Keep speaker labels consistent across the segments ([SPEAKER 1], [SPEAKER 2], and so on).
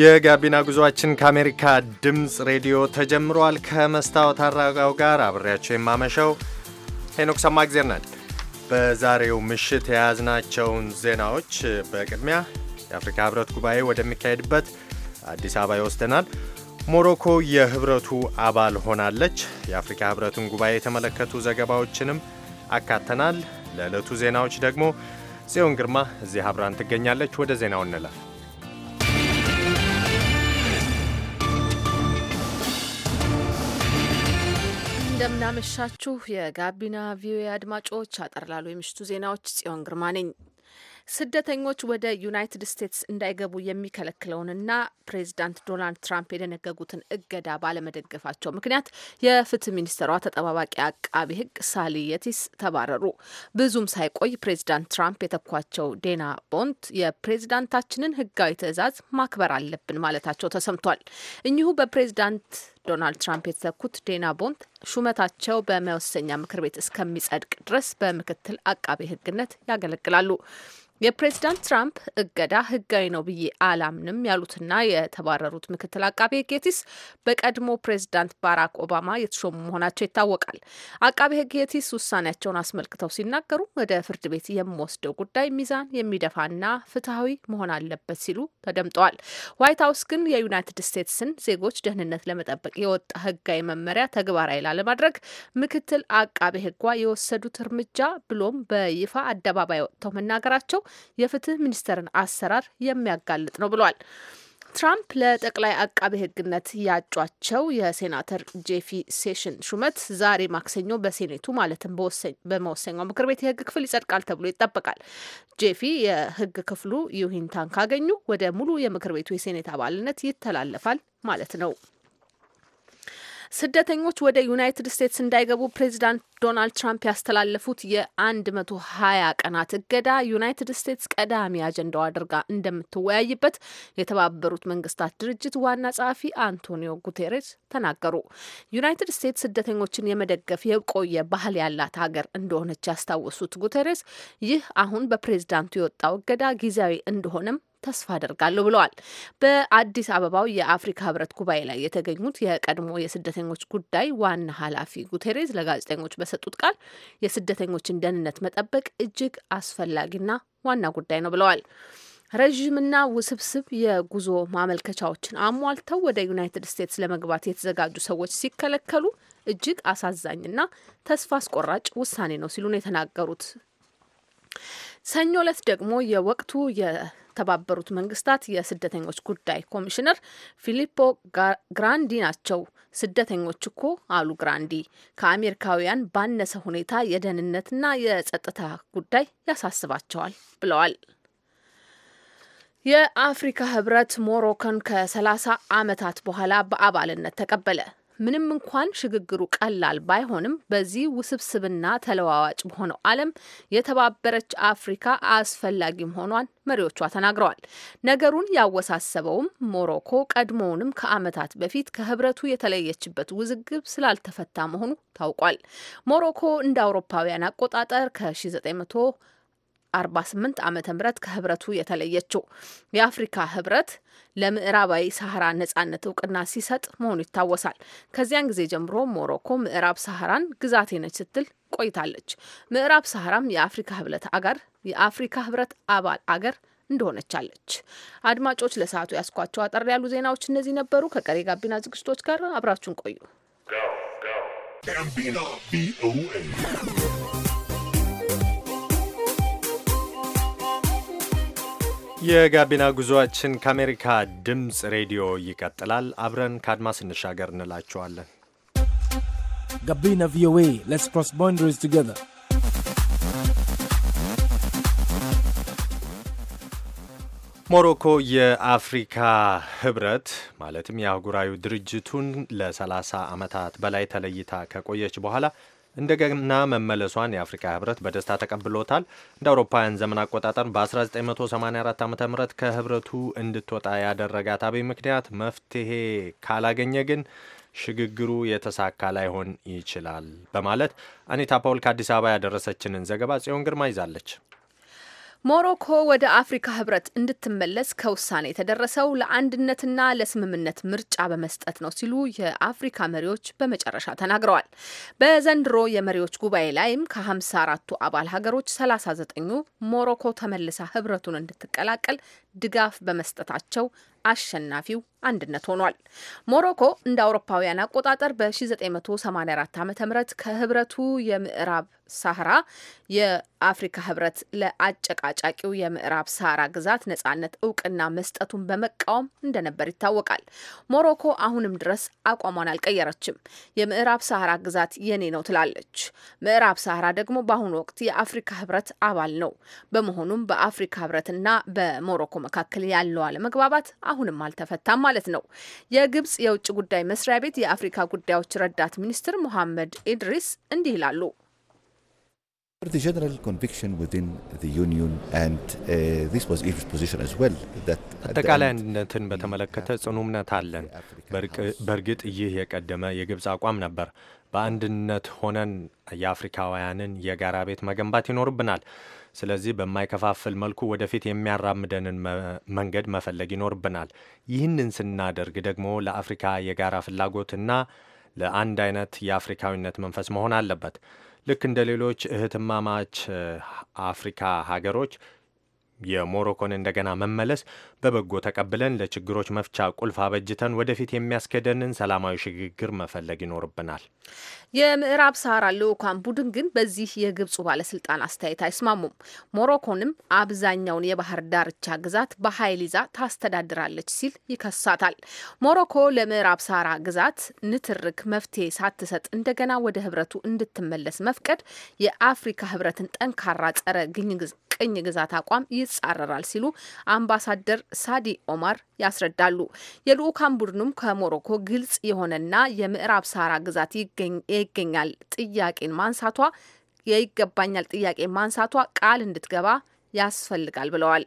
[SPEAKER 1] የጋቢና ጉዞአችን ከአሜሪካ ድምፅ ሬዲዮ ተጀምሯል። ከመስታወት አራጋው ጋር አብሬያቸው የማመሸው ሄኖክ ሰማግዜር ነን። በዛሬው ምሽት የያዝናቸውን ዜናዎች በቅድሚያ የአፍሪካ ህብረት ጉባኤ ወደሚካሄድበት አዲስ አበባ ይወስደናል። ሞሮኮ የህብረቱ አባል ሆናለች። የአፍሪካ ህብረቱን ጉባኤ የተመለከቱ ዘገባዎችንም አካተናል። ለዕለቱ ዜናዎች ደግሞ ጽዮን ግርማ እዚህ አብራን ትገኛለች። ወደ ዜናው እንላል።
[SPEAKER 2] እንደምናመሻችሁ የጋቢና ቪኦኤ አድማጮች፣ አጠርላሉ የምሽቱ ዜናዎች ጽዮን ግርማ ነኝ። ስደተኞች ወደ ዩናይትድ ስቴትስ እንዳይገቡ የሚከለክለውንና ፕሬዚዳንት ዶናልድ ትራምፕ የደነገጉትን እገዳ ባለመደገፋቸው ምክንያት የፍትህ ሚኒስትሯ ተጠባባቂ አቃቢ ህግ ሳሊ የቲስ ተባረሩ። ብዙም ሳይቆይ ፕሬዚዳንት ትራምፕ የተኳቸው ዴና ቦንት የፕሬዚዳንታችንን ህጋዊ ትዕዛዝ ማክበር አለብን ማለታቸው ተሰምቷል። እኚሁ በፕሬዚዳንት ዶናልድ ትራምፕ የተተኩት ዴና ቦንት ሹመታቸው በመወሰኛ ምክር ቤት እስከሚጸድቅ ድረስ በምክትል አቃቤ ህግነት ያገለግላሉ። የፕሬዝዳንት ትራምፕ እገዳ ህጋዊ ነው ብዬ አላምንም ያሉትና የተባረሩት ምክትል አቃቤ ህግ የቲስ በቀድሞ ፕሬዝዳንት ባራክ ኦባማ የተሾሙ መሆናቸው ይታወቃል። አቃቤ ህግ የቲስ ውሳኔያቸውን አስመልክተው ሲናገሩ ወደ ፍርድ ቤት የምወስደው ጉዳይ ሚዛን የሚደፋና ፍትሐዊ መሆን አለበት ሲሉ ተደምጠዋል። ዋይት ሀውስ ግን የዩናይትድ ስቴትስን ዜጎች ደህንነት ለመጠበቅ የወጣ ህጋዊ መመሪያ ተግባራዊ ላለማድረግ ምክትል አቃቤ ህጓ የወሰዱት እርምጃ ብሎም በይፋ አደባባይ ወጥተው መናገራቸው የፍትህ ሚኒስቴርን አሰራር የሚያጋልጥ ነው ብሏል። ትራምፕ ለጠቅላይ አቃቤ ሕግነት ያጯቸው የሴናተር ጄፊ ሴሽን ሹመት ዛሬ ማክሰኞ በሴኔቱ ማለትም በመወሰኛው ምክር ቤት የሕግ ክፍል ይጸድቃል ተብሎ ይጠበቃል። ጄፊ የሕግ ክፍሉ ይሁንታን ካገኙ ወደ ሙሉ የምክር ቤቱ የሴኔት አባልነት ይተላለፋል ማለት ነው። ስደተኞች ወደ ዩናይትድ ስቴትስ እንዳይገቡ ፕሬዚዳንት ዶናልድ ትራምፕ ያስተላለፉት የ120 ቀናት እገዳ ዩናይትድ ስቴትስ ቀዳሚ አጀንዳው አድርጋ እንደምትወያይበት የተባበሩት መንግስታት ድርጅት ዋና ጸሐፊ አንቶኒዮ ጉቴሬስ ተናገሩ። ዩናይትድ ስቴትስ ስደተኞችን የመደገፍ የቆየ ባህል ያላት ሀገር እንደሆነች ያስታወሱት ጉቴሬስ ይህ አሁን በፕሬዚዳንቱ የወጣው እገዳ ጊዜያዊ እንደሆነም ተስፋ አደርጋለሁ ብለዋል። በአዲስ አበባው የአፍሪካ ህብረት ጉባኤ ላይ የተገኙት የቀድሞ የስደተኞች ጉዳይ ዋና ኃላፊ ጉቴሬዝ ለጋዜጠኞች በሰጡት ቃል የስደተኞችን ደህንነት መጠበቅ እጅግ አስፈላጊና ዋና ጉዳይ ነው ብለዋል። ረዥምና ውስብስብ የጉዞ ማመልከቻዎችን አሟልተው ወደ ዩናይትድ ስቴትስ ለመግባት የተዘጋጁ ሰዎች ሲከለከሉ እጅግ አሳዛኝና ተስፋ አስቆራጭ ውሳኔ ነው ሲሉ ነው የተናገሩት። ሰኞ ዕለት ደግሞ የወቅቱ የተባበሩት መንግስታት የስደተኞች ጉዳይ ኮሚሽነር ፊሊፖ ግራንዲ ናቸው። ስደተኞች እኮ አሉ ግራንዲ፣ ከአሜሪካውያን ባነሰ ሁኔታ የደህንነትና የጸጥታ ጉዳይ ያሳስባቸዋል ብለዋል። የአፍሪካ ህብረት ሞሮኮን ከ30 ዓመታት በኋላ በአባልነት ተቀበለ። ምንም እንኳን ሽግግሩ ቀላል ባይሆንም በዚህ ውስብስብና ተለዋዋጭ በሆነው ዓለም የተባበረች አፍሪካ አስፈላጊ መሆኗን መሪዎቿ ተናግረዋል። ነገሩን ያወሳሰበውም ሞሮኮ ቀድሞውንም ከዓመታት በፊት ከህብረቱ የተለየችበት ውዝግብ ስላልተፈታ መሆኑ ታውቋል። ሞሮኮ እንደ አውሮፓውያን አቆጣጠር ከ 48 ዓ ም ከህብረቱ የተለየችው የአፍሪካ ህብረት ለምዕራባዊ ሳህራ ነጻነት እውቅና ሲሰጥ መሆኑ ይታወሳል። ከዚያን ጊዜ ጀምሮ ሞሮኮ ምዕራብ ሳህራን ግዛቴ ነች ስትል ቆይታለች። ምዕራብ ሳህራም የአፍሪካ ህብረት አጋር የአፍሪካ ህብረት አባል አገር እንደሆነቻለች። አድማጮች ለሰዓቱ ያስኳቸው አጠር ያሉ ዜናዎች እነዚህ ነበሩ። ከቀሪ ጋቢና ዝግጅቶች ጋር አብራችሁን ቆዩ።
[SPEAKER 1] የጋቢና ጉዞአችን ከአሜሪካ ድምፅ ሬዲዮ ይቀጥላል። አብረን ከአድማስ እንሻገር እንላችኋለን።
[SPEAKER 3] ጋቢና ቪኦኤ ሌትስ ክሮስ ቦንደሪስ ቱጌዘር
[SPEAKER 1] ሞሮኮ የአፍሪካ ህብረት ማለትም የአህጉራዊ ድርጅቱን ለ30 ዓመታት በላይ ተለይታ ከቆየች በኋላ እንደገና መመለሷን የአፍሪካ ህብረት በደስታ ተቀብሎታል። እንደ አውሮፓውያን ዘመን አቆጣጠር በ1984 ዓ ም ከህብረቱ እንድትወጣ ያደረጋት አብይ ምክንያት መፍትሄ ካላገኘ ግን ሽግግሩ የተሳካ ላይሆን ይችላል በማለት አኒታ ፓውል ከአዲስ አበባ ያደረሰችንን ዘገባ ጽዮን ግርማ ይዛለች።
[SPEAKER 2] ሞሮኮ ወደ አፍሪካ ህብረት እንድትመለስ ከውሳኔ የተደረሰው ለአንድነትና ለስምምነት ምርጫ በመስጠት ነው ሲሉ የአፍሪካ መሪዎች በመጨረሻ ተናግረዋል። በዘንድሮ የመሪዎች ጉባኤ ላይም ከ54ቱ አባል ሀገሮች 39ኙ ሞሮኮ ተመልሳ ህብረቱን እንድትቀላቀል ድጋፍ በመስጠታቸው አሸናፊው አንድነት ሆኗል። ሞሮኮ እንደ አውሮፓውያን አቆጣጠር በ1984 ዓ ም ከህብረቱ የምዕራብ ሳህራ የአፍሪካ ህብረት ለአጨቃጫቂው የምዕራብ ሳህራ ግዛት ነጻነት እውቅና መስጠቱን በመቃወም እንደነበር ይታወቃል። ሞሮኮ አሁንም ድረስ አቋሟን አልቀየረችም። የምዕራብ ሳህራ ግዛት የኔ ነው ትላለች። ምዕራብ ሳህራ ደግሞ በአሁኑ ወቅት የአፍሪካ ህብረት አባል ነው። በመሆኑም በአፍሪካ ህብረትና በሞሮኮ መካከል ያለው አለመግባባት አሁንም አልተፈታም ማለት ነው። የግብጽ የውጭ ጉዳይ መስሪያ ቤት የአፍሪካ ጉዳዮች ረዳት ሚኒስትር ሙሐመድ ኢድሪስ እንዲህ ይላሉ።
[SPEAKER 3] uh, አጠቃላይ
[SPEAKER 1] አንድነትን በተመለከተ ጽኑ እምነት አለን። በእርግጥ ይህ የቀደመ የግብፅ አቋም ነበር። በአንድነት ሆነን የአፍሪካውያንን የጋራ ቤት መገንባት ይኖርብናል። ስለዚህ በማይከፋፍል መልኩ ወደፊት የሚያራምደንን መንገድ መፈለግ ይኖርብናል። ይህንን ስናደርግ ደግሞ ለአፍሪካ የጋራ ፍላጎትና ለአንድ አይነት የአፍሪካዊነት መንፈስ መሆን አለበት። ልክ እንደ ሌሎች እህትማማች አፍሪካ ሀገሮች የሞሮኮን እንደገና መመለስ በበጎ ተቀብለን ለችግሮች መፍቻ ቁልፍ አበጅተን ወደፊት የሚያስኬደንን ሰላማዊ ሽግግር መፈለግ ይኖርብናል።
[SPEAKER 2] የምዕራብ ሰሃራ ልዑካን ቡድን ግን በዚህ የግብፁ ባለስልጣን አስተያየት አይስማሙም። ሞሮኮንም አብዛኛውን የባህር ዳርቻ ግዛት በኃይል ይዛ ታስተዳድራለች ሲል ይከሳታል። ሞሮኮ ለምዕራብ ሰሃራ ግዛት ንትርክ መፍትሄ ሳትሰጥ እንደገና ወደ ህብረቱ እንድትመለስ መፍቀድ የአፍሪካ ህብረትን ጠንካራ ጸረ ቅኝ ግዛት አቋም ይጻረራል ሲሉ አምባሳደር ሳዲ ኦማር ያስረዳሉ። የልዑካን ቡድኑም ከሞሮኮ ግልጽ የሆነና የምዕራብ ሳራ ግዛት ይገኛል ጥያቄን ማንሳቷ የይገባኛል ጥያቄ ማንሳቷ ቃል እንድትገባ ያስፈልጋል ብለዋል።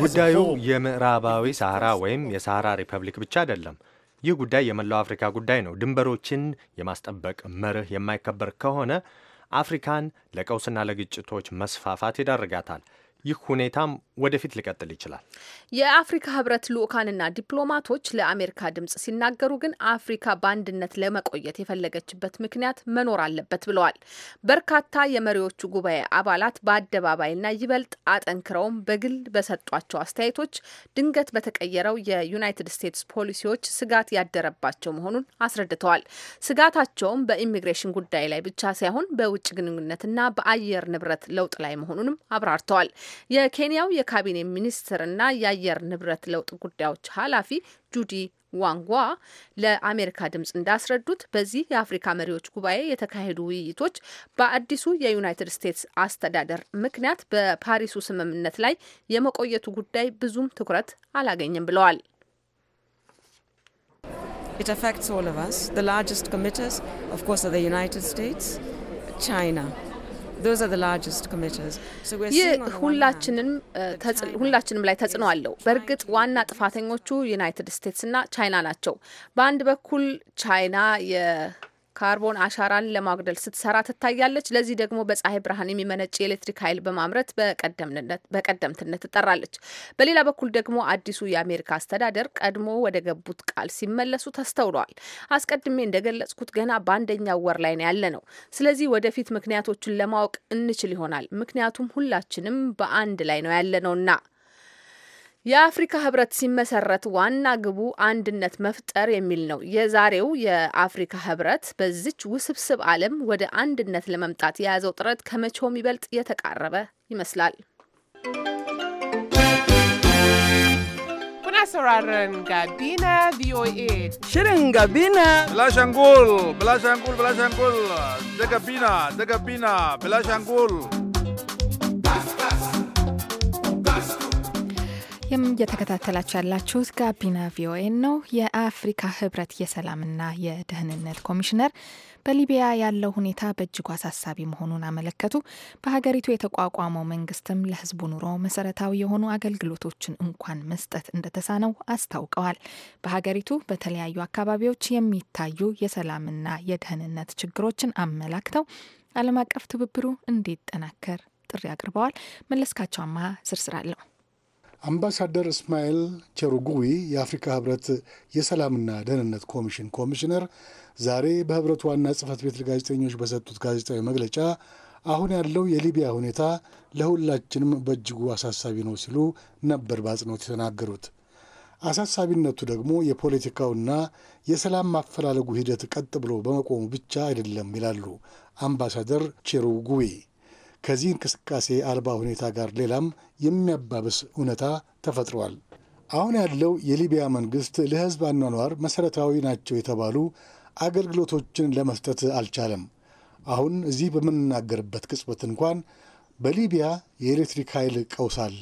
[SPEAKER 3] ጉዳዩ
[SPEAKER 1] የምዕራባዊ ሳህራ ወይም የሳህራ ሪፐብሊክ ብቻ አይደለም። ይህ ጉዳይ የመላው አፍሪካ ጉዳይ ነው። ድንበሮችን የማስጠበቅ መርህ የማይከበር ከሆነ አፍሪካን ለቀውስና ለግጭቶች መስፋፋት ይዳርጋታል። ይህ ሁኔታም ወደፊት ሊቀጥል ይችላል።
[SPEAKER 2] የአፍሪካ ህብረት ልዑካንና ዲፕሎማቶች ለአሜሪካ ድምጽ ሲናገሩ ግን አፍሪካ በአንድነት ለመቆየት የፈለገችበት ምክንያት መኖር አለበት ብለዋል። በርካታ የመሪዎቹ ጉባኤ አባላት በአደባባይና ይበልጥ አጠንክረውም በግል በሰጧቸው አስተያየቶች ድንገት በተቀየረው የዩናይትድ ስቴትስ ፖሊሲዎች ስጋት ያደረባቸው መሆኑን አስረድተዋል። ስጋታቸውም በኢሚግሬሽን ጉዳይ ላይ ብቻ ሳይሆን በውጭ ግንኙነትና በአየር ንብረት ለውጥ ላይ መሆኑንም አብራርተዋል። የኬንያው የካቢኔ ሚኒስትርና የአየር ንብረት ለውጥ ጉዳዮች ኃላፊ ጁዲ ዋንጓ ለአሜሪካ ድምፅ እንዳስረዱት በዚህ የአፍሪካ መሪዎች ጉባኤ የተካሄዱ ውይይቶች በአዲሱ የዩናይትድ ስቴትስ አስተዳደር ምክንያት በፓሪሱ ስምምነት ላይ የመቆየቱ ጉዳይ ብዙም ትኩረት አላገኝም ብለዋል። It affects all of us. The largest committers, of course, are the United States, China. ሁላችንም ላይ ተጽዕኖ አለው። በእርግጥ ዋና ጥፋተኞቹ ዩናይትድ ስቴትስና ቻይና ናቸው። በአንድ በኩል ቻይና ካርቦን አሻራን ለማጉደል ስትሰራ ትታያለች። ለዚህ ደግሞ በፀሐይ ብርሃን የሚመነጭ የኤሌክትሪክ ኃይል በማምረት በቀደምትነት ትጠራለች። በሌላ በኩል ደግሞ አዲሱ የአሜሪካ አስተዳደር ቀድሞ ወደ ገቡት ቃል ሲመለሱ ተስተውለዋል። አስቀድሜ እንደገለጽኩት ገና በአንደኛው ወር ላይ ነው ያለ ነው። ስለዚህ ወደፊት ምክንያቶችን ለማወቅ እንችል ይሆናል። ምክንያቱም ሁላችንም በአንድ ላይ ነው ያለ ነውና የአፍሪካ ህብረት ሲመሰረት ዋና ግቡ አንድነት መፍጠር የሚል ነው። የዛሬው የአፍሪካ ህብረት በዚች ውስብስብ ዓለም ወደ አንድነት ለመምጣት የያዘው ጥረት ከመቼውም ይበልጥ የተቃረበ ይመስላል። sauraron Gabina VOA.
[SPEAKER 1] Shirin Gabina. Bilashangul, Bilashangul, Bilashangul.
[SPEAKER 4] እየተከታተላችሁ ያላችሁት ጋቢና ቪኦኤ ነው። የአፍሪካ ህብረት የሰላምና የደህንነት ኮሚሽነር በሊቢያ ያለው ሁኔታ በእጅጉ አሳሳቢ መሆኑን አመለከቱ። በሀገሪቱ የተቋቋመው መንግስትም ለህዝቡ ኑሮ መሰረታዊ የሆኑ አገልግሎቶችን እንኳን መስጠት እንደተሳነው አስታውቀዋል። በሀገሪቱ በተለያዩ አካባቢዎች የሚታዩ የሰላምና የደህንነት ችግሮችን አመላክተው ዓለም አቀፍ ትብብሩ እንዲጠናከር ጥሪ አቅርበዋል። መለስካቸውማ ዝርዝር አለው።
[SPEAKER 3] አምባሳደር እስማኤል ቸሩጉዊ የአፍሪካ ህብረት የሰላምና ደህንነት ኮሚሽን ኮሚሽነር ዛሬ በህብረቱ ዋና ጽህፈት ቤት ጋዜጠኞች በሰጡት ጋዜጣዊ መግለጫ አሁን ያለው የሊቢያ ሁኔታ ለሁላችንም በእጅጉ አሳሳቢ ነው ሲሉ ነበር በአጽንኦት የተናገሩት። አሳሳቢነቱ ደግሞ የፖለቲካውና የሰላም ማፈላለጉ ሂደት ቀጥ ብሎ በመቆሙ ብቻ አይደለም ይላሉ አምባሳደር ቼሩጉዌ። ከዚህ እንቅስቃሴ አልባ ሁኔታ ጋር ሌላም የሚያባብስ እውነታ ተፈጥሯል። አሁን ያለው የሊቢያ መንግስት ለሕዝብ አኗኗር መሠረታዊ ናቸው የተባሉ አገልግሎቶችን ለመስጠት አልቻለም። አሁን እዚህ በምንናገርበት ቅጽበት እንኳን በሊቢያ የኤሌክትሪክ ኃይል ቀውስ አለ።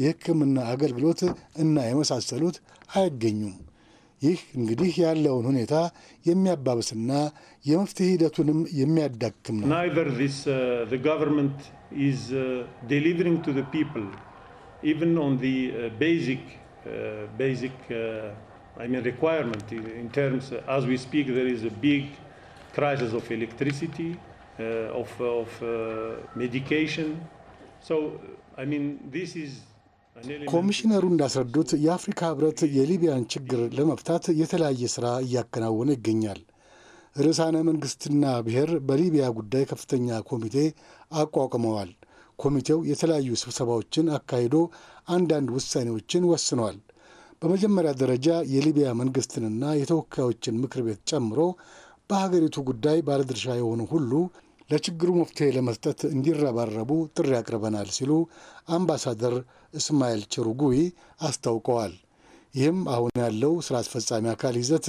[SPEAKER 3] የሕክምና አገልግሎት እና የመሳሰሉት አይገኙም። ይህ እንግዲህ ያለውን ሁኔታ የሚያባብስና የመፍትሄ ሂደቱንም የሚያዳክም ነው። ሪኳርመንት ኮሚሽነሩ እንዳስረዱት የአፍሪካ ህብረት የሊቢያን ችግር ለመፍታት የተለያየ ስራ እያከናወነ ይገኛል። ርዕሳነ መንግስትና ብሔር በሊቢያ ጉዳይ ከፍተኛ ኮሚቴ አቋቁመዋል። ኮሚቴው የተለያዩ ስብሰባዎችን አካሂዶ አንዳንድ ውሳኔዎችን ወስኗል። በመጀመሪያ ደረጃ የሊቢያ መንግስትንና የተወካዮችን ምክር ቤት ጨምሮ በሀገሪቱ ጉዳይ ባለድርሻ የሆኑ ሁሉ ለችግሩ መፍትሄ ለመስጠት እንዲረባረቡ ጥሪ አቅርበናል ሲሉ አምባሳደር እስማኤል ችሩጉዊ አስታውቀዋል። ይህም አሁን ያለው ስራ አስፈጻሚ አካል ይዘት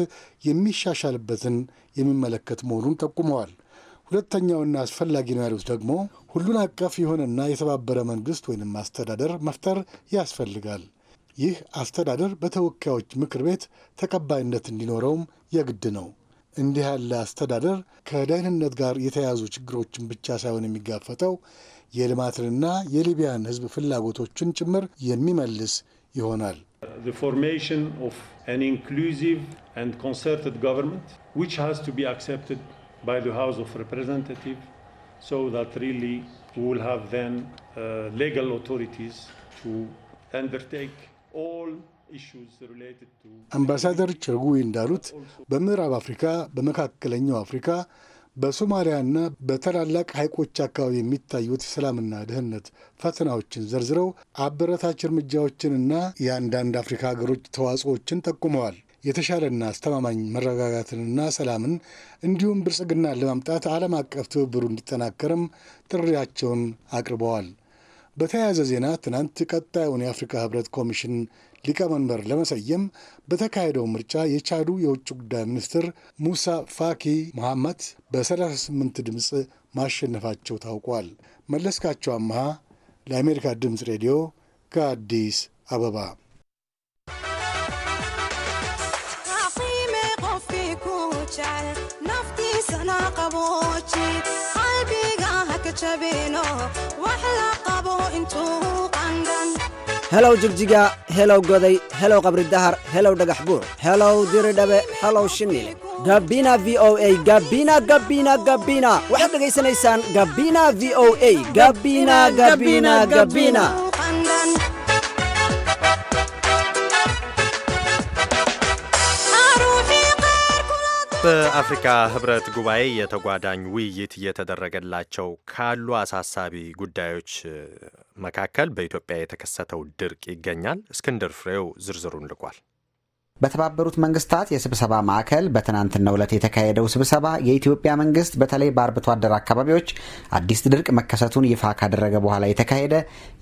[SPEAKER 3] የሚሻሻልበትን የሚመለከት መሆኑን ጠቁመዋል። ሁለተኛውና አስፈላጊ ነው ያሉት ደግሞ ሁሉን አቀፍ የሆነና የተባበረ መንግስት ወይንም አስተዳደር መፍጠር ያስፈልጋል። ይህ አስተዳደር በተወካዮች ምክር ቤት ተቀባይነት እንዲኖረውም የግድ ነው። እንዲህ ያለ አስተዳደር ከደህንነት ጋር የተያያዙ ችግሮችን ብቻ ሳይሆን የሚጋፈጠው የልማትንና የሊቢያን ሕዝብ ፍላጎቶችን ጭምር የሚመልስ ይሆናል። ሌጋል ኦቶሪቲስ ኦል አምባሳደር ቸርጉዊ እንዳሉት በምዕራብ አፍሪካ፣ በመካከለኛው አፍሪካ፣ በሶማሊያና በታላላቅ ሐይቆች አካባቢ የሚታዩት የሰላምና ደህንነት ፈተናዎችን ዘርዝረው አበረታች እርምጃዎችንና የአንዳንድ አፍሪካ ሀገሮች ተዋጽኦዎችን ጠቁመዋል። የተሻለና አስተማማኝ መረጋጋትንና ሰላምን እንዲሁም ብልጽግናን ለማምጣት ዓለም አቀፍ ትብብሩ እንዲጠናከርም ጥሪያቸውን አቅርበዋል። በተያያዘ ዜና ትናንት ቀጣዩን የአፍሪካ ህብረት ኮሚሽን ሊቀመንበር ለመሰየም በተካሄደው ምርጫ የቻዱ የውጭ ጉዳይ ሚኒስትር ሙሳ ፋኪ መሐመት በ38 ድምፅ ማሸነፋቸው ታውቋል። መለስካቸው አመሃ ለአሜሪካ ድምፅ ሬዲዮ ከአዲስ አበባ
[SPEAKER 4] قبوشي قلبي قاهك جبينو واحلى
[SPEAKER 5] helow jigjiga helow goday helow qabri dahar helow dhagax buur helow diri dhabe helow shimile gabina v o a gabina gabina gabina waxaad dhegaysanaysaan gabina v o a gabina gabina gabina
[SPEAKER 1] በአፍሪካ ህብረት ጉባኤ የተጓዳኝ ውይይት እየተደረገላቸው ካሉ አሳሳቢ ጉዳዮች መካከል በኢትዮጵያ የተከሰተው ድርቅ ይገኛል። እስክንድር ፍሬው ዝርዝሩን ልኳል።
[SPEAKER 5] በተባበሩት መንግስታት የስብሰባ ማዕከል በትናንትናው ዕለት የተካሄደው ስብሰባ የኢትዮጵያ መንግስት በተለይ በአርብቶ አደር አካባቢዎች አዲስ ድርቅ መከሰቱን ይፋ ካደረገ በኋላ የተካሄደ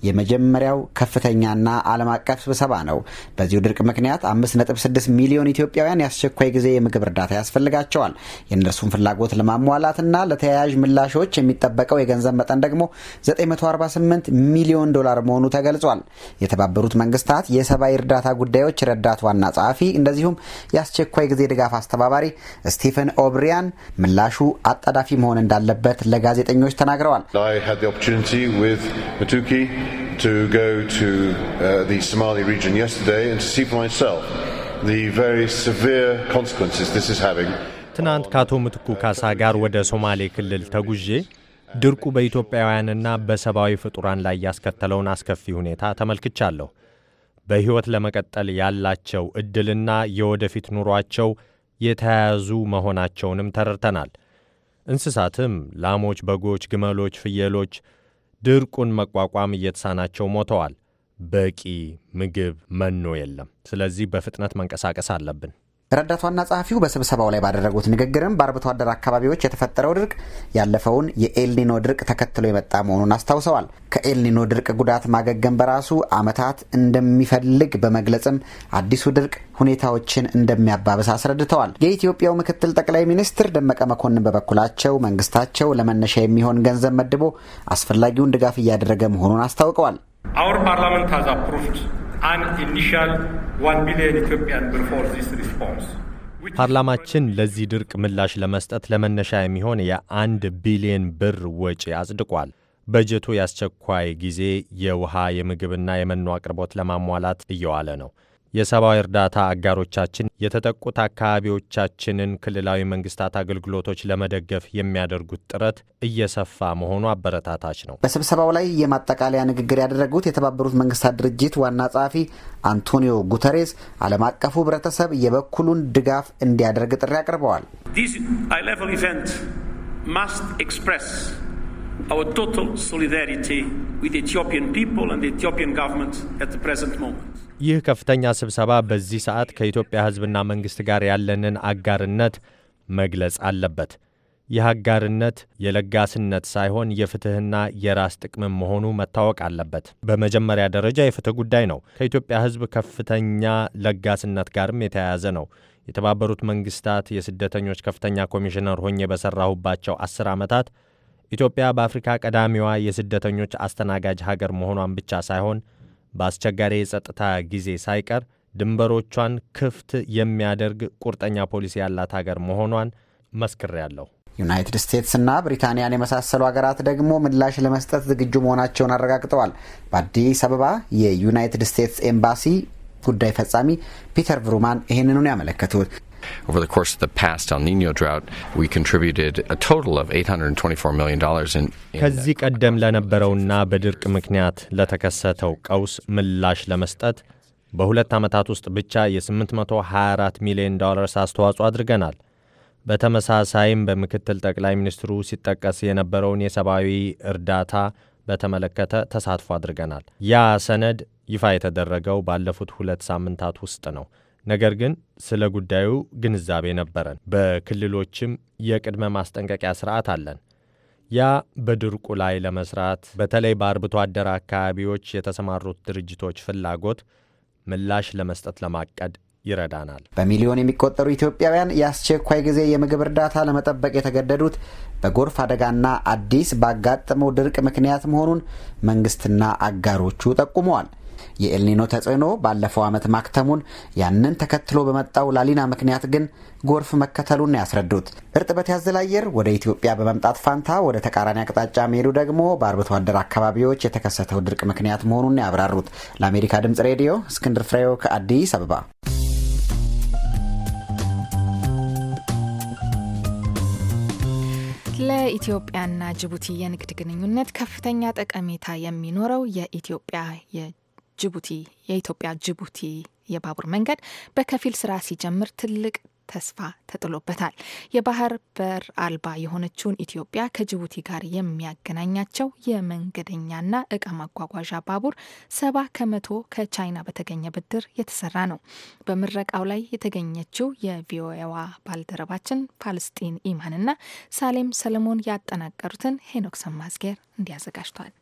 [SPEAKER 5] የመጀመሪያው ከፍተኛና ዓለም አቀፍ ስብሰባ ነው። በዚሁ ድርቅ ምክንያት 5.6 ሚሊዮን ኢትዮጵያውያን የአስቸኳይ ጊዜ የምግብ እርዳታ ያስፈልጋቸዋል። የእነርሱን ፍላጎት ለማሟላትና ለተያያዥ ምላሾች የሚጠበቀው የገንዘብ መጠን ደግሞ 948 ሚሊዮን ዶላር መሆኑ ተገልጿል። የተባበሩት መንግስታት የሰብአዊ እርዳታ ጉዳዮች ረዳት ዋና ጸሐፊ እንደዚሁም የአስቸኳይ ጊዜ ድጋፍ አስተባባሪ ስቲፈን ኦብሪያን ምላሹ አጣዳፊ መሆን እንዳለበት ለጋዜጠኞች ተናግረዋል። uh,
[SPEAKER 1] ትናንት ከአቶ ምትኩ ካሳ ጋር ወደ ሶማሌ ክልል ተጉዤ ድርቁ በኢትዮጵያውያንና በሰብአዊ ፍጡራን ላይ ያስከተለውን አስከፊ ሁኔታ ተመልክቻለሁ። በሕይወት ለመቀጠል ያላቸው ዕድልና የወደፊት ኑሯቸው የተያያዙ መሆናቸውንም ተረድተናል። እንስሳትም ላሞች፣ በጎች፣ ግመሎች፣ ፍየሎች ድርቁን መቋቋም እየተሳናቸው ሞተዋል። በቂ ምግብ መኖ የለም። ስለዚህ በፍጥነት መንቀሳቀስ አለብን።
[SPEAKER 5] ረዳት ዋና ጸሐፊው በስብሰባው ላይ ባደረጉት ንግግርም በአርብቶ አደር አካባቢዎች የተፈጠረው ድርቅ ያለፈውን የኤልኒኖ ድርቅ ተከትሎ የመጣ መሆኑን አስታውሰዋል። ከኤልኒኖ ድርቅ ጉዳት ማገገም በራሱ ዓመታት እንደሚፈልግ በመግለጽም አዲሱ ድርቅ ሁኔታዎችን እንደሚያባብስ አስረድተዋል። የኢትዮጵያው ምክትል ጠቅላይ ሚኒስትር ደመቀ መኮንን በበኩላቸው መንግስታቸው ለመነሻ የሚሆን ገንዘብ መድቦ አስፈላጊውን ድጋፍ እያደረገ መሆኑን አስታውቀዋል።
[SPEAKER 1] 1
[SPEAKER 3] ቢሊዮን ኢትዮጵያን ብር ፎር ዚስ ሪስፖንስ
[SPEAKER 5] ፓርላማችን ለዚህ
[SPEAKER 1] ድርቅ ምላሽ ለመስጠት ለመነሻ የሚሆን የአንድ ቢሊዮን ብር ወጪ አጽድቋል። በጀቱ የአስቸኳይ ጊዜ የውሃ የምግብና የመኖ አቅርቦት ለማሟላት እየዋለ ነው። የሰብአዊ እርዳታ አጋሮቻችን የተጠቁት አካባቢዎቻችንን ክልላዊ መንግስታት አገልግሎቶች ለመደገፍ የሚያደርጉት ጥረት እየሰፋ መሆኑ አበረታታች
[SPEAKER 5] ነው። በስብሰባው ላይ የማጠቃለያ ንግግር ያደረጉት የተባበሩት መንግስታት ድርጅት ዋና ጸሐፊ አንቶኒዮ ጉተሬስ ዓለም አቀፉ ህብረተሰብ የበኩሉን ድጋፍ እንዲያደርግ ጥሪ አቅርበዋል። our total solidarity with the Ethiopian
[SPEAKER 1] ይህ ከፍተኛ ስብሰባ በዚህ ሰዓት ከኢትዮጵያ ሕዝብና መንግሥት ጋር ያለንን አጋርነት መግለጽ አለበት። ይህ አጋርነት የለጋስነት ሳይሆን የፍትሕና የራስ ጥቅምም መሆኑ መታወቅ አለበት። በመጀመሪያ ደረጃ የፍትሕ ጉዳይ ነው። ከኢትዮጵያ ሕዝብ ከፍተኛ ለጋስነት ጋርም የተያያዘ ነው። የተባበሩት መንግሥታት የስደተኞች ከፍተኛ ኮሚሽነር ሆኜ በሠራሁባቸው አስር ዓመታት ኢትዮጵያ በአፍሪካ ቀዳሚዋ የስደተኞች አስተናጋጅ ሀገር መሆኗን ብቻ ሳይሆን በአስቸጋሪ የጸጥታ ጊዜ ሳይቀር ድንበሮቿን ክፍት የሚያደርግ ቁርጠኛ ፖሊሲ ያላት ሀገር መሆኗን መስክሬያለሁ።
[SPEAKER 5] ዩናይትድ እና ብሪታንያን የመሳሰሉ ሀገራት ደግሞ ምላሽ ለመስጠት ዝግጁ መሆናቸውን አረጋግጠዋል። በአዲስ አበባ የዩናይትድ ስቴትስ ኤምባሲ ጉዳይ ፈጻሚ ፒተር ብሩማን ይህንኑን ያመለከቱት
[SPEAKER 1] Over the course of the past El Nino drought, we contributed a total of $824 million in uh,
[SPEAKER 5] ከዚህ ቀደም
[SPEAKER 1] ለነበረውና በድርቅ ምክንያት ለተከሰተው ቀውስ ምላሽ ለመስጠት በሁለት ዓመታት ውስጥ ብቻ የ824 ሚሊዮን ዶላርስ አስተዋጽኦ አድርገናል። በተመሳሳይም በምክትል ጠቅላይ ሚኒስትሩ ሲጠቀስ የነበረውን የሰብአዊ እርዳታ በተመለከተ ተሳትፎ አድርገናል። ያ ሰነድ ይፋ የተደረገው ባለፉት ሁለት ሳምንታት ውስጥ ነው። ነገር ግን ስለ ጉዳዩ ግንዛቤ ነበረን። በክልሎችም የቅድመ ማስጠንቀቂያ ስርዓት አለን። ያ በድርቁ ላይ ለመስራት በተለይ በአርብቶ አደር አካባቢዎች የተሰማሩት ድርጅቶች ፍላጎት ምላሽ ለመስጠት ለማቀድ ይረዳናል።
[SPEAKER 5] በሚሊዮን የሚቆጠሩ ኢትዮጵያውያን የአስቸኳይ ጊዜ የምግብ እርዳታ ለመጠበቅ የተገደዱት በጎርፍ አደጋና አዲስ ባጋጠመው ድርቅ ምክንያት መሆኑን መንግስትና አጋሮቹ ጠቁመዋል። የኤልኒኖ ተጽዕኖ ባለፈው ዓመት ማክተሙን፣ ያንን ተከትሎ በመጣው ላሊና ምክንያት ግን ጎርፍ መከተሉን ያስረዱት እርጥበት ያዘለ አየር ወደ ኢትዮጵያ በመምጣት ፋንታ ወደ ተቃራኒ አቅጣጫ መሄዱ ደግሞ በአርብቶ አደር አካባቢዎች የተከሰተው ድርቅ ምክንያት መሆኑን ያብራሩት። ለአሜሪካ ድምጽ ሬዲዮ እስክንድር ፍሬው ከአዲስ አበባ።
[SPEAKER 4] ለኢትዮጵያና ጅቡቲ የንግድ ግንኙነት ከፍተኛ ጠቀሜታ የሚኖረው የኢትዮጵያ ጅቡቲ የኢትዮጵያ ጅቡቲ የባቡር መንገድ በከፊል ስራ ሲጀምር ትልቅ ተስፋ ተጥሎበታል። የባህር በር አልባ የሆነችውን ኢትዮጵያ ከጅቡቲ ጋር የሚያገናኛቸው የመንገደኛና እቃ ማጓጓዣ ባቡር ሰባ ከመቶ ከቻይና በተገኘ ብድር የተሰራ ነው። በምረቃው ላይ የተገኘችው የቪኦኤዋ ባልደረባችን ፓለስጢን ኢማንና ሳሌም ሰለሞን ያጠናቀሩትን ሄኖክ ሰማዝጌር እንዲያዘጋጅቷል።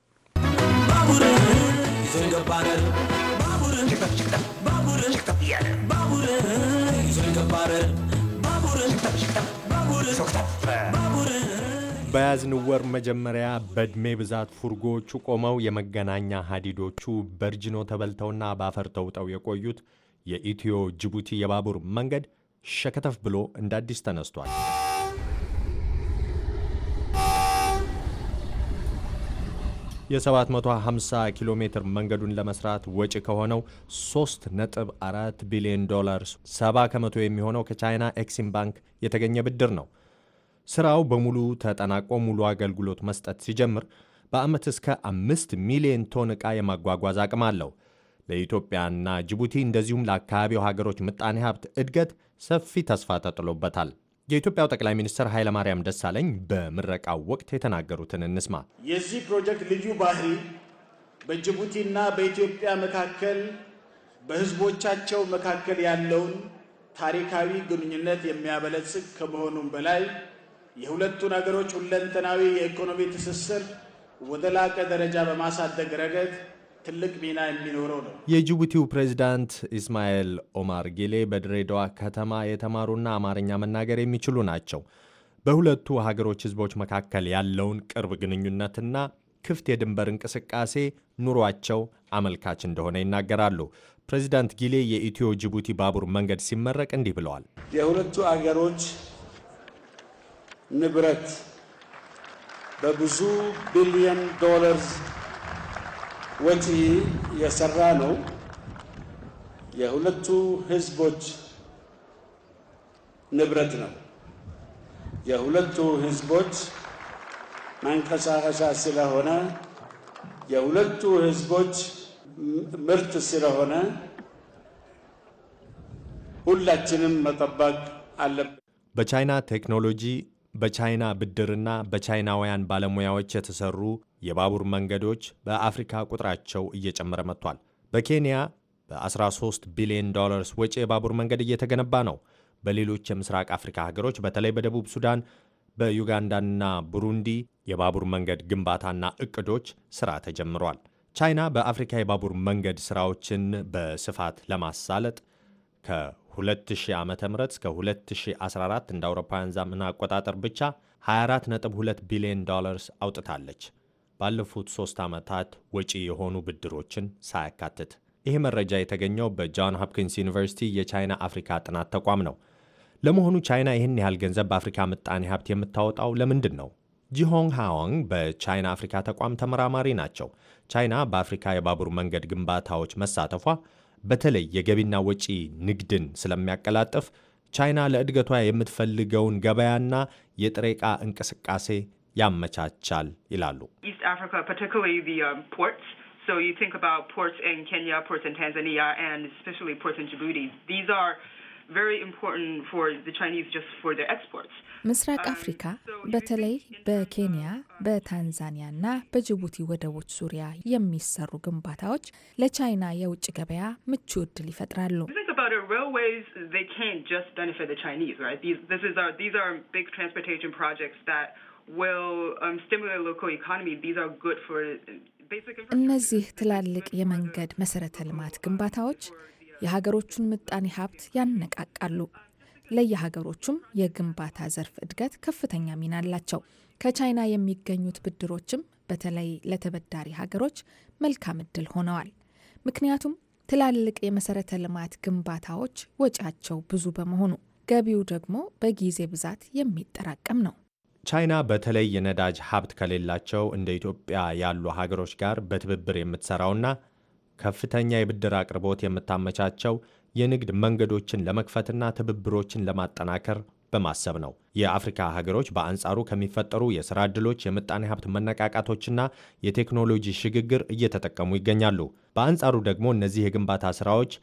[SPEAKER 1] በያዝንወር በያዝን ወር መጀመሪያ በዕድሜ ብዛት ፉርጎዎቹ ቆመው የመገናኛ ሀዲዶቹ በርጅኖ ተበልተውና በአፈር ተውጠው የቆዩት የኢትዮ ጅቡቲ የባቡር መንገድ ሸከተፍ ብሎ እንደ አዲስ ተነስቷል። የ750 ኪሎ ሜትር መንገዱን ለመስራት ወጪ ከሆነው 3.4 ቢሊዮን ዶላር 70 ከመቶ የሚሆነው ከቻይና ኤክሲም ባንክ የተገኘ ብድር ነው። ስራው በሙሉ ተጠናቆ ሙሉ አገልግሎት መስጠት ሲጀምር በዓመት እስከ 5 ሚሊዮን ቶን ዕቃ የማጓጓዝ አቅም አለው። ለኢትዮጵያና ጅቡቲ እንደዚሁም ለአካባቢው ሀገሮች ምጣኔ ሀብት እድገት ሰፊ ተስፋ ተጥሎበታል። የኢትዮጵያው ጠቅላይ ሚኒስትር ኃይለማርያም ደሳለኝ በምረቃው ወቅት የተናገሩትን እንስማ።
[SPEAKER 3] የዚህ ፕሮጀክት ልዩ ባህሪ በጅቡቲና በኢትዮጵያ መካከል በህዝቦቻቸው መካከል ያለውን ታሪካዊ ግንኙነት የሚያበለጽግ ከመሆኑም በላይ የሁለቱን ሀገሮች ሁለንተናዊ የኢኮኖሚ ትስስር ወደ ላቀ ደረጃ በማሳደግ ረገድ ትልቅ ሚና የሚኖረው ነው።
[SPEAKER 1] የጅቡቲው ፕሬዚዳንት ኢስማኤል ኦማር ጌሌ በድሬዳዋ ከተማ የተማሩና አማርኛ መናገር የሚችሉ ናቸው። በሁለቱ ሀገሮች ህዝቦች መካከል ያለውን ቅርብ ግንኙነትና ክፍት የድንበር እንቅስቃሴ ኑሯቸው አመልካች እንደሆነ ይናገራሉ። ፕሬዚዳንት ጊሌ የኢትዮ ጅቡቲ ባቡር መንገድ ሲመረቅ እንዲህ ብለዋል።
[SPEAKER 3] የሁለቱ አገሮች ንብረት በብዙ ቢሊዮን ዶላርስ ወጪ የሰራ ነው። የሁለቱ ህዝቦች ንብረት ነው። የሁለቱ ህዝቦች መንቀሳቀሻ ስለሆነ የሁለቱ ህዝቦች ምርት ስለሆነ ሁላችንም መጠበቅ አለብን።
[SPEAKER 1] በቻይና ቴክኖሎጂ፣ በቻይና ብድርና በቻይናውያን ባለሙያዎች የተሰሩ የባቡር መንገዶች በአፍሪካ ቁጥራቸው እየጨመረ መጥቷል። በኬንያ በ13 ቢሊዮን ዶላርስ ወጪ የባቡር መንገድ እየተገነባ ነው። በሌሎች የምስራቅ አፍሪካ ሀገሮች በተለይ በደቡብ ሱዳን፣ በዩጋንዳና ቡሩንዲ የባቡር መንገድ ግንባታና እቅዶች ስራ ተጀምሯል። ቻይና በአፍሪካ የባቡር መንገድ ስራዎችን በስፋት ለማሳለጥ ከ2000 ዓ ም እስከ 2014 እንደ አውሮፓውያን ዘመን አቆጣጠር ብቻ 24.2 ቢሊዮን ዶላርስ አውጥታለች። ባለፉት ሶስት ዓመታት ወጪ የሆኑ ብድሮችን ሳያካትት። ይህ መረጃ የተገኘው በጆን ሆፕኪንስ ዩኒቨርሲቲ የቻይና አፍሪካ ጥናት ተቋም ነው። ለመሆኑ ቻይና ይህን ያህል ገንዘብ በአፍሪካ ምጣኔ ሀብት የምታወጣው ለምንድን ነው? ጂሆንግ ሃዋንግ በቻይና አፍሪካ ተቋም ተመራማሪ ናቸው። ቻይና በአፍሪካ የባቡር መንገድ ግንባታዎች መሳተፏ በተለይ የገቢና ወጪ ንግድን ስለሚያቀላጥፍ ቻይና ለእድገቷ የምትፈልገውን ገበያና የጥሬ ዕቃ እንቅስቃሴ ያመቻቻል ይላሉ።
[SPEAKER 5] um,
[SPEAKER 4] ምስራቅ um, አፍሪካ በተለይ በኬንያ um, በታንዛኒያ እና በጅቡቲ ወደቦች ዙሪያ የሚሰሩ ግንባታዎች ለቻይና የውጭ ገበያ ምቹ እድል
[SPEAKER 3] ይፈጥራሉ።
[SPEAKER 5] Um,
[SPEAKER 4] እነዚህ ትላልቅ የመንገድ መሰረተ ልማት ግንባታዎች የሀገሮቹን ምጣኔ ሀብት ያነቃቃሉ። ለየሀገሮቹም የግንባታ ዘርፍ እድገት ከፍተኛ ሚና አላቸው። ከቻይና የሚገኙት ብድሮችም በተለይ ለተበዳሪ ሀገሮች መልካም እድል ሆነዋል። ምክንያቱም ትላልቅ የመሰረተ ልማት ግንባታዎች ወጪያቸው ብዙ በመሆኑ ገቢው ደግሞ በጊዜ ብዛት የሚጠራቀም ነው።
[SPEAKER 1] ቻይና በተለይ የነዳጅ ሀብት ከሌላቸው እንደ ኢትዮጵያ ያሉ ሀገሮች ጋር በትብብር የምትሰራውና ከፍተኛ የብድር አቅርቦት የምታመቻቸው የንግድ መንገዶችን ለመክፈትና ትብብሮችን ለማጠናከር በማሰብ ነው። የአፍሪካ ሀገሮች በአንጻሩ ከሚፈጠሩ የሥራ ዕድሎች፣ የምጣኔ ሀብት መነቃቃቶችና የቴክኖሎጂ ሽግግር እየተጠቀሙ ይገኛሉ። በአንጻሩ ደግሞ እነዚህ የግንባታ ሥራዎች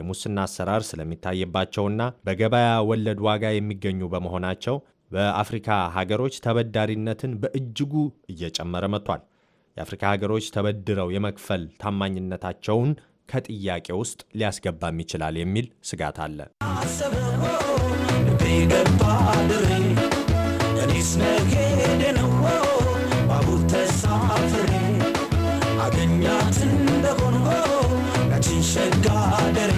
[SPEAKER 1] የሙስና አሰራር ስለሚታይባቸውና በገበያ ወለድ ዋጋ የሚገኙ በመሆናቸው በአፍሪካ ሀገሮች ተበዳሪነትን በእጅጉ እየጨመረ መጥቷል። የአፍሪካ ሀገሮች ተበድረው የመክፈል ታማኝነታቸውን ከጥያቄ ውስጥ ሊያስገባም ይችላል የሚል ስጋት አለ።
[SPEAKER 5] ሸጋደሬ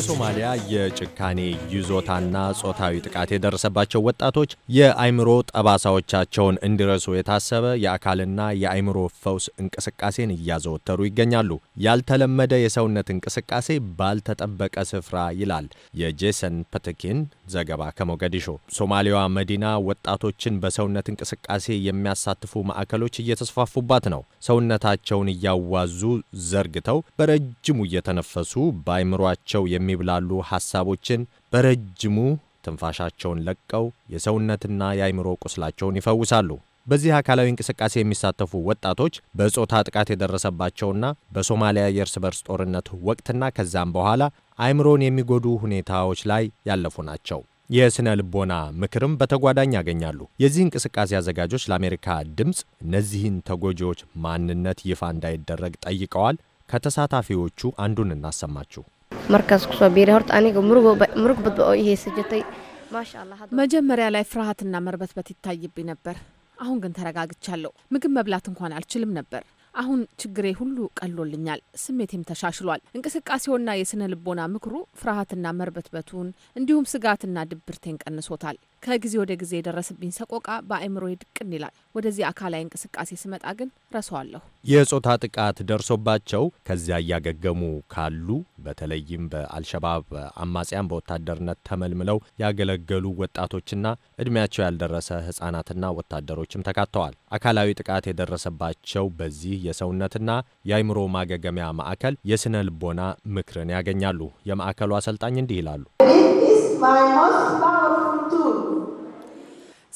[SPEAKER 1] በሶማሊያ የጭካኔ ይዞታና ጾታዊ ጥቃት የደረሰባቸው ወጣቶች የአይምሮ ጠባሳዎቻቸውን እንዲረሱ የታሰበ የአካልና የአይምሮ ፈውስ እንቅስቃሴን እያዘወተሩ ይገኛሉ። ያልተለመደ የሰውነት እንቅስቃሴ ባልተጠበቀ ስፍራ ይላል የጄሰን ፐትኪን ዘገባ ከሞገዲሾ። ሶማሌዋ መዲና ወጣቶችን በሰውነት እንቅስቃሴ የሚያሳትፉ ማዕከሎች እየተስፋፉባት ነው። ሰውነታቸውን እያዋዙ ዘርግተው በረጅሙ እየተነፈሱ በአይምሯቸው የሚ የሚብላሉ ሐሳቦችን በረጅሙ ትንፋሻቸውን ለቀው የሰውነትና የአይምሮ ቁስላቸውን ይፈውሳሉ። በዚህ አካላዊ እንቅስቃሴ የሚሳተፉ ወጣቶች በጾታ ጥቃት የደረሰባቸውና በሶማሊያ የእርስ በርስ ጦርነት ወቅትና ከዛም በኋላ አይምሮን የሚጎዱ ሁኔታዎች ላይ ያለፉ ናቸው። የሥነ ልቦና ምክርም በተጓዳኝ ያገኛሉ። የዚህ እንቅስቃሴ አዘጋጆች ለአሜሪካ ድምፅ እነዚህን ተጎጂዎች ማንነት ይፋ እንዳይደረግ ጠይቀዋል። ከተሳታፊዎቹ አንዱን እናሰማችሁ።
[SPEAKER 2] markaas kusoo biiray horta aniga murug badba oo iheysa jirtay መጀመሪያ ላይ ፍርሃትና መርበትበት ይታይብኝ ነበር። አሁን ግን ተረጋግቻለሁ። ምግብ መብላት እንኳን አልችልም ነበር። አሁን ችግሬ ሁሉ ቀሎልኛል። ስሜቴም ተሻሽሏል። እንቅስቃሴውና የስነ ልቦና ምክሩ ፍርሃትና መርበትበቱን እንዲሁም ስጋትና ድብርቴን ቀንሶታል። ከጊዜ ወደ ጊዜ የደረስብኝ ሰቆቃ በአእምሮ ድቅን ይላል። ወደዚህ አካላዊ እንቅስቃሴ ስመጣ ግን ረሰዋለሁ።
[SPEAKER 1] የጾታ ጥቃት ደርሶባቸው ከዚያ እያገገሙ ካሉ በተለይም በአልሸባብ አማጽያን በወታደርነት ተመልምለው ያገለገሉ ወጣቶችና እድሜያቸው ያልደረሰ ሕፃናትና ወታደሮችም ተካተዋል። አካላዊ ጥቃት የደረሰባቸው በዚህ የሰውነትና የአእምሮ ማገገሚያ ማዕከል የስነ ልቦና ምክርን ያገኛሉ። የማዕከሉ አሰልጣኝ እንዲህ ይላሉ።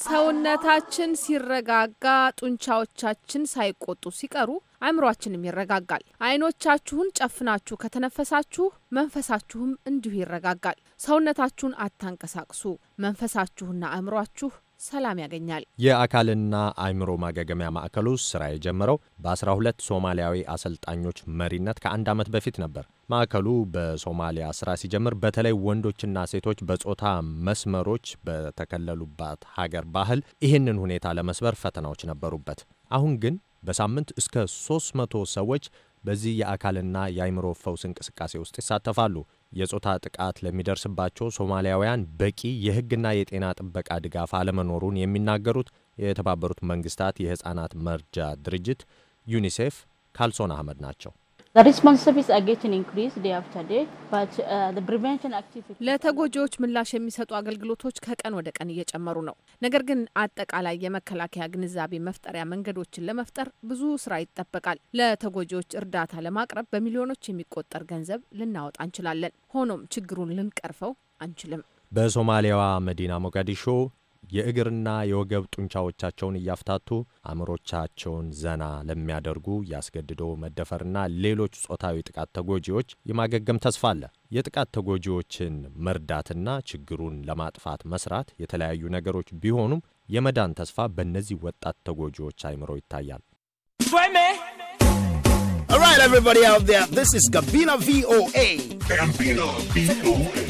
[SPEAKER 2] ሰውነታችን ሲረጋጋ ጡንቻዎቻችን ሳይቆጡ ሲቀሩ አእምሯችንም ይረጋጋል። አይኖቻችሁን ጨፍናችሁ ከተነፈሳችሁ መንፈሳችሁም እንዲሁ ይረጋጋል። ሰውነታችሁን አታንቀሳቅሱ። መንፈሳችሁና አእምሯችሁ ሰላም ያገኛል።
[SPEAKER 1] የአካልና አይምሮ ማገገሚያ ማዕከሉ ስራ የጀመረው በ12 ሶማሊያዊ አሰልጣኞች መሪነት ከአንድ ዓመት በፊት ነበር። ማዕከሉ በሶማሊያ ስራ ሲጀምር በተለይ ወንዶችና ሴቶች በጾታ መስመሮች በተከለሉባት ሀገር ባህል ይህንን ሁኔታ ለመስበር ፈተናዎች ነበሩበት። አሁን ግን በሳምንት እስከ 300 ሰዎች በዚህ የአካልና የአይምሮ ፈውስ እንቅስቃሴ ውስጥ ይሳተፋሉ። የጾታ ጥቃት ለሚደርስባቸው ሶማሊያውያን በቂ የሕግና የጤና ጥበቃ ድጋፍ አለመኖሩን የሚናገሩት የተባበሩት መንግስታት የሕፃናት መርጃ ድርጅት ዩኒሴፍ ካልሶን አህመድ ናቸው።
[SPEAKER 2] Uh, ለተጎጂዎች ምላሽ የሚሰጡ አገልግሎቶች ከቀን ወደ ቀን እየጨመሩ ነው። ነገር ግን አጠቃላይ የመከላከያ ግንዛቤ መፍጠሪያ መንገዶችን ለመፍጠር ብዙ ስራ ይጠበቃል። ለተጎጂዎች እርዳታ ለማቅረብ በሚሊዮኖች የሚቆጠር ገንዘብ ልናወጣ እንችላለን። ሆኖም ችግሩን ልንቀርፈው አንችልም።
[SPEAKER 1] በሶማሊያዋ መዲና ሞጋዲሾ የእግርና የወገብ ጡንቻዎቻቸውን እያፍታቱ አእምሮቻቸውን ዘና ለሚያደርጉ ያስገድዶ መደፈርና ሌሎች ጾታዊ ጥቃት ተጎጂዎች የማገገም ተስፋ አለ። የጥቃት ተጎጂዎችን መርዳትና ችግሩን ለማጥፋት መስራት የተለያዩ ነገሮች ቢሆኑም የመዳን ተስፋ በእነዚህ ወጣት ተጎጂዎች አይምሮ ይታያል።
[SPEAKER 4] All right, everybody out there, this is Gabina VOA.
[SPEAKER 3] Gabina VOA.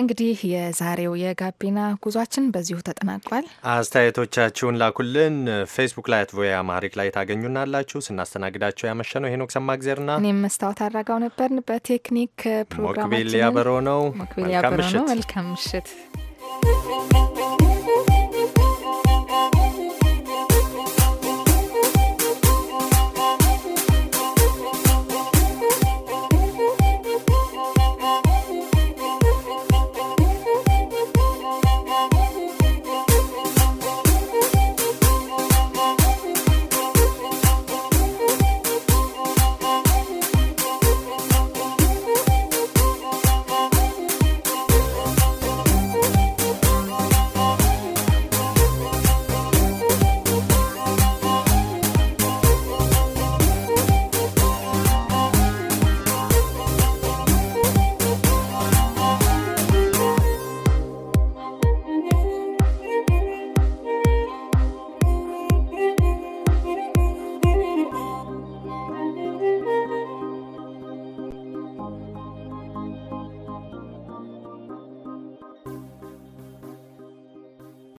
[SPEAKER 4] እንግዲህ የዛሬው የጋቢና ጉዟችን በዚሁ ተጠናቋል።
[SPEAKER 1] አስተያየቶቻችሁን ላኩልን። ፌስቡክ ላይ አትቮ ቪኦኤ አማሪክ ላይ ታገኙናላችሁ። ስናስተናግዳቸው ያመሸ ነው ሄኖክ ሰማእግዜርና እኔም
[SPEAKER 4] መስታወት አድራጋው ነበርን። በቴክኒክ ፕሮግራማችን ሞክቢል ያበሮ
[SPEAKER 1] ነው። ሞክቢል ያበሮ ነው።
[SPEAKER 4] መልካም ምሽት።